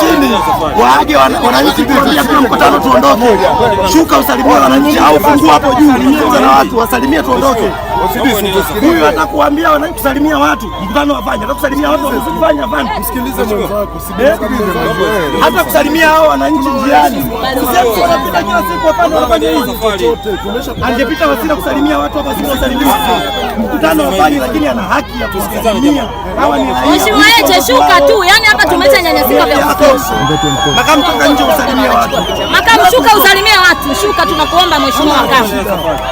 chini, waage wananchi kuambia kuna mkutano tuondoke, shuka usalimie wananchi, au fungua hapo juu zungumza na watu wasalimie, tuondoke. Huyu atakuambia wananchi kusalimia watu, mkutano wafanye, atakusalimia watu wamefanya fanya, msikilize mwenzako, eh, hata kusalimia hao wananchi njiani, sisi wanapita kila siku, wafanye hivi. Angepita Wasira kusalimia watu hapa, sisi wasalimia Mheshimiwa Heche, shuka tu, yani hapa tumesha nyanyasika vya kutosha. Shuka usalimie watu, shuka tunakuomba mheshimiwa wakati.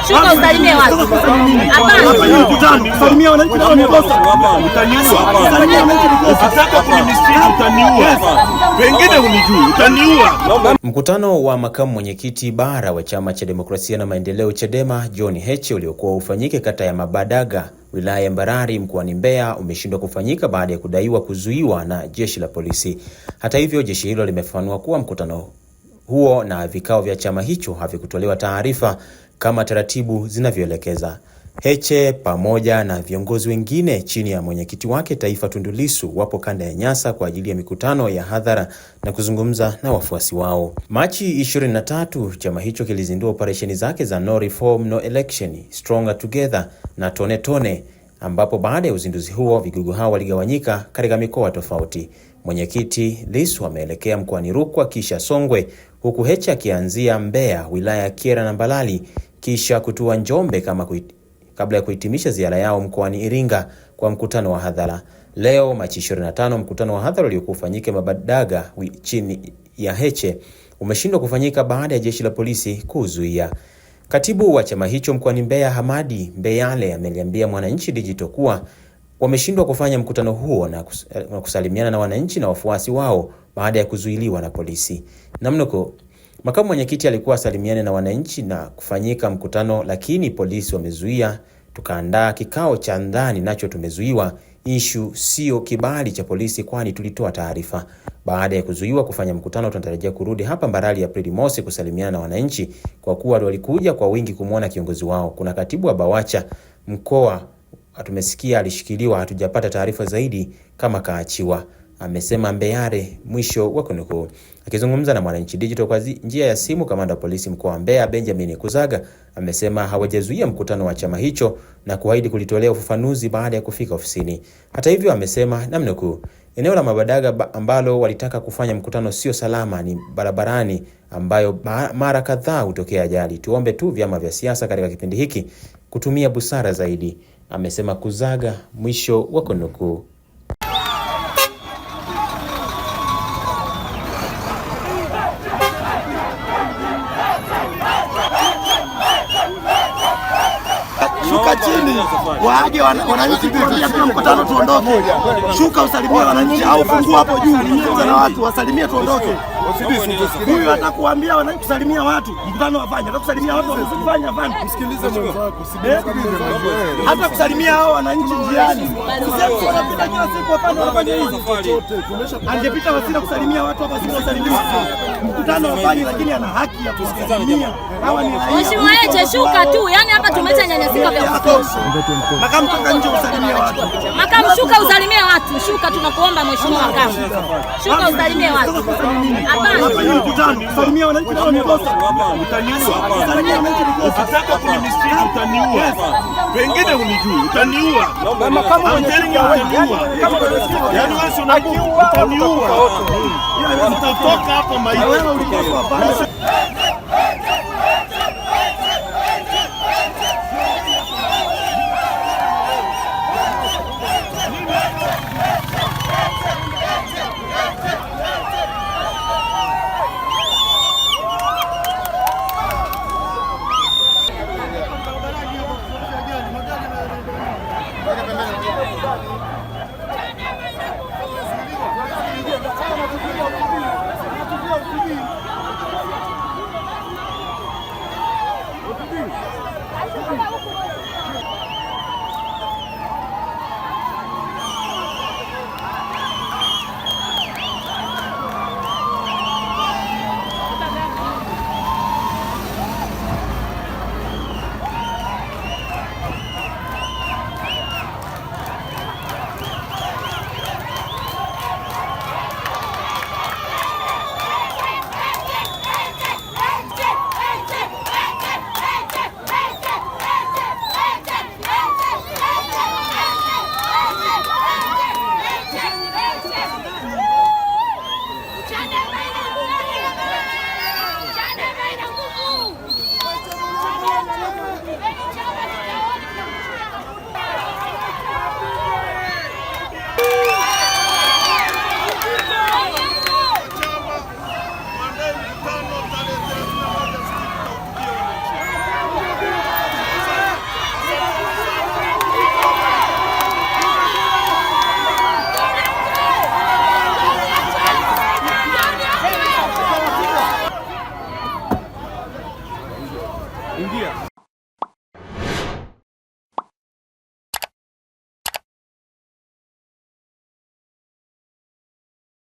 Shuka usalimie watu. Hapana. mkutano Kusalimia wananchi nao ni kosa. Utaniua. Kusalimia wananchi ni kosa. Ukitaka kunimisikia utaniua. Wengine unijui, utaniua. Mkutano wa makamu mwenyekiti bara wa Chama cha Demokrasia na Maendeleo CHADEMA John Heche uliokuwa ufanyike kata ya Mabadaga wilaya ya Mbarali mkoani Mbeya umeshindwa kufanyika baada ya kudaiwa kuzuiwa na jeshi la polisi. Hata hivyo, jeshi hilo limefafanua kuwa mkutano huo na vikao vya chama hicho havikutolewa taarifa kama taratibu zinavyoelekeza. Heche pamoja na viongozi wengine chini ya mwenyekiti wake taifa Tundu Lissu wapo kanda ya Nyasa kwa ajili ya mikutano ya hadhara na kuzungumza na wafuasi wao. Machi 23, chama hicho kilizindua operesheni zake za No Reform No Election, Stronger Together na Tone Tone, ambapo baada ya uzinduzi huo vigogo hao waligawanyika katika mikoa tofauti. Mwenyekiti Lissu ameelekea mkoani Rukwa kisha Songwe huku Heche akianzia Mbeya, wilaya ya Kyela na Mbalali, kisha kutua Njombe kama kuit... kabla ya kuhitimisha ziara yao mkoani Iringa kwa mkutano wa hadhara. Leo Machi 25, mkutano wa hadhara uliokuwa ufanyike Mabadaga chini ya Heche umeshindwa kufanyika baada ya Jeshi la Polisi kuzuia. Katibu wa chama hicho mkoani Mbeya, Hamadi Mbeyale, ameliambia Mwananchi Digital kuwa wameshindwa kufanya mkutano huo na kusalimiana na wananchi na wafuasi wao baada ya kuzuiliwa na polisi. Namnoko, makamu mwenyekiti alikuwa asalimiane na wananchi na kufanyika mkutano, lakini polisi wamezuia. Tukaandaa kikao cha ndani, nacho tumezuiwa. Ishu sio kibali cha polisi, kwani tulitoa taarifa. Baada ya kuzuiwa kufanya mkutano, tunatarajia kurudi hapa Mbarali Aprili mosi kusalimiana na wananchi, kwa kuwa walikuja kwa wingi kumwona kiongozi wao. Kuna katibu wa Bawacha mkoa Tumesikia alishikiliwa, hatujapata taarifa zaidi kama kaachiwa, amesema Mbeyare. Mwisho wa kunukuu. Akizungumza na Mwananchi Digital kwa njia ya simu, kamanda wa polisi mkoa wa Mbeya Benjamin Kuzaga amesema hawajazuia mkutano wa chama hicho na kuahidi kulitolea ufafanuzi baada ya kufika ofisini. Hata hivyo, amesema namnukuu, eneo la Mabadaga ambalo walitaka kufanya mkutano sio salama, ni barabarani ambayo mara kadhaa hutokea ajali. Tuombe tu vyama vya siasa katika kipindi hiki kutumia busara zaidi amesema kuzaga. Mwisho wa kunukuu. Shuka chini, waaje wananchi, pia mkutano tuondoke. Shuka usalimie wananchi, au fungua hapo juu na watu wasalimie, tuondoke. Huyu atakuambia kusalimia watu mkutano wafanye, atakusalimia watu wamefanya fanya, msikilize mwenzako, eh? hata kusalimia hao wananchi njiani, sisi wanapita kila siku wafanye wafanye hivi. Angepita Wasira kusalimia watu hapa, sisi kusalimia mkutano wafanye, lakini ana haki ya kusalimia hawa. Ni mheshimiwa, yeye shuka tu, yani hapa tumesha nyanyasika vya kutosha, mpaka mtoka nje kusalimia watu watu, shuka tunakuomba mheshimiwa makamu, shuka usalimie watu. Ukitaka kunimisi utaniua, pengine unijui, utaniua. Yaani wewe utaniua, utatoka hapa maiti. i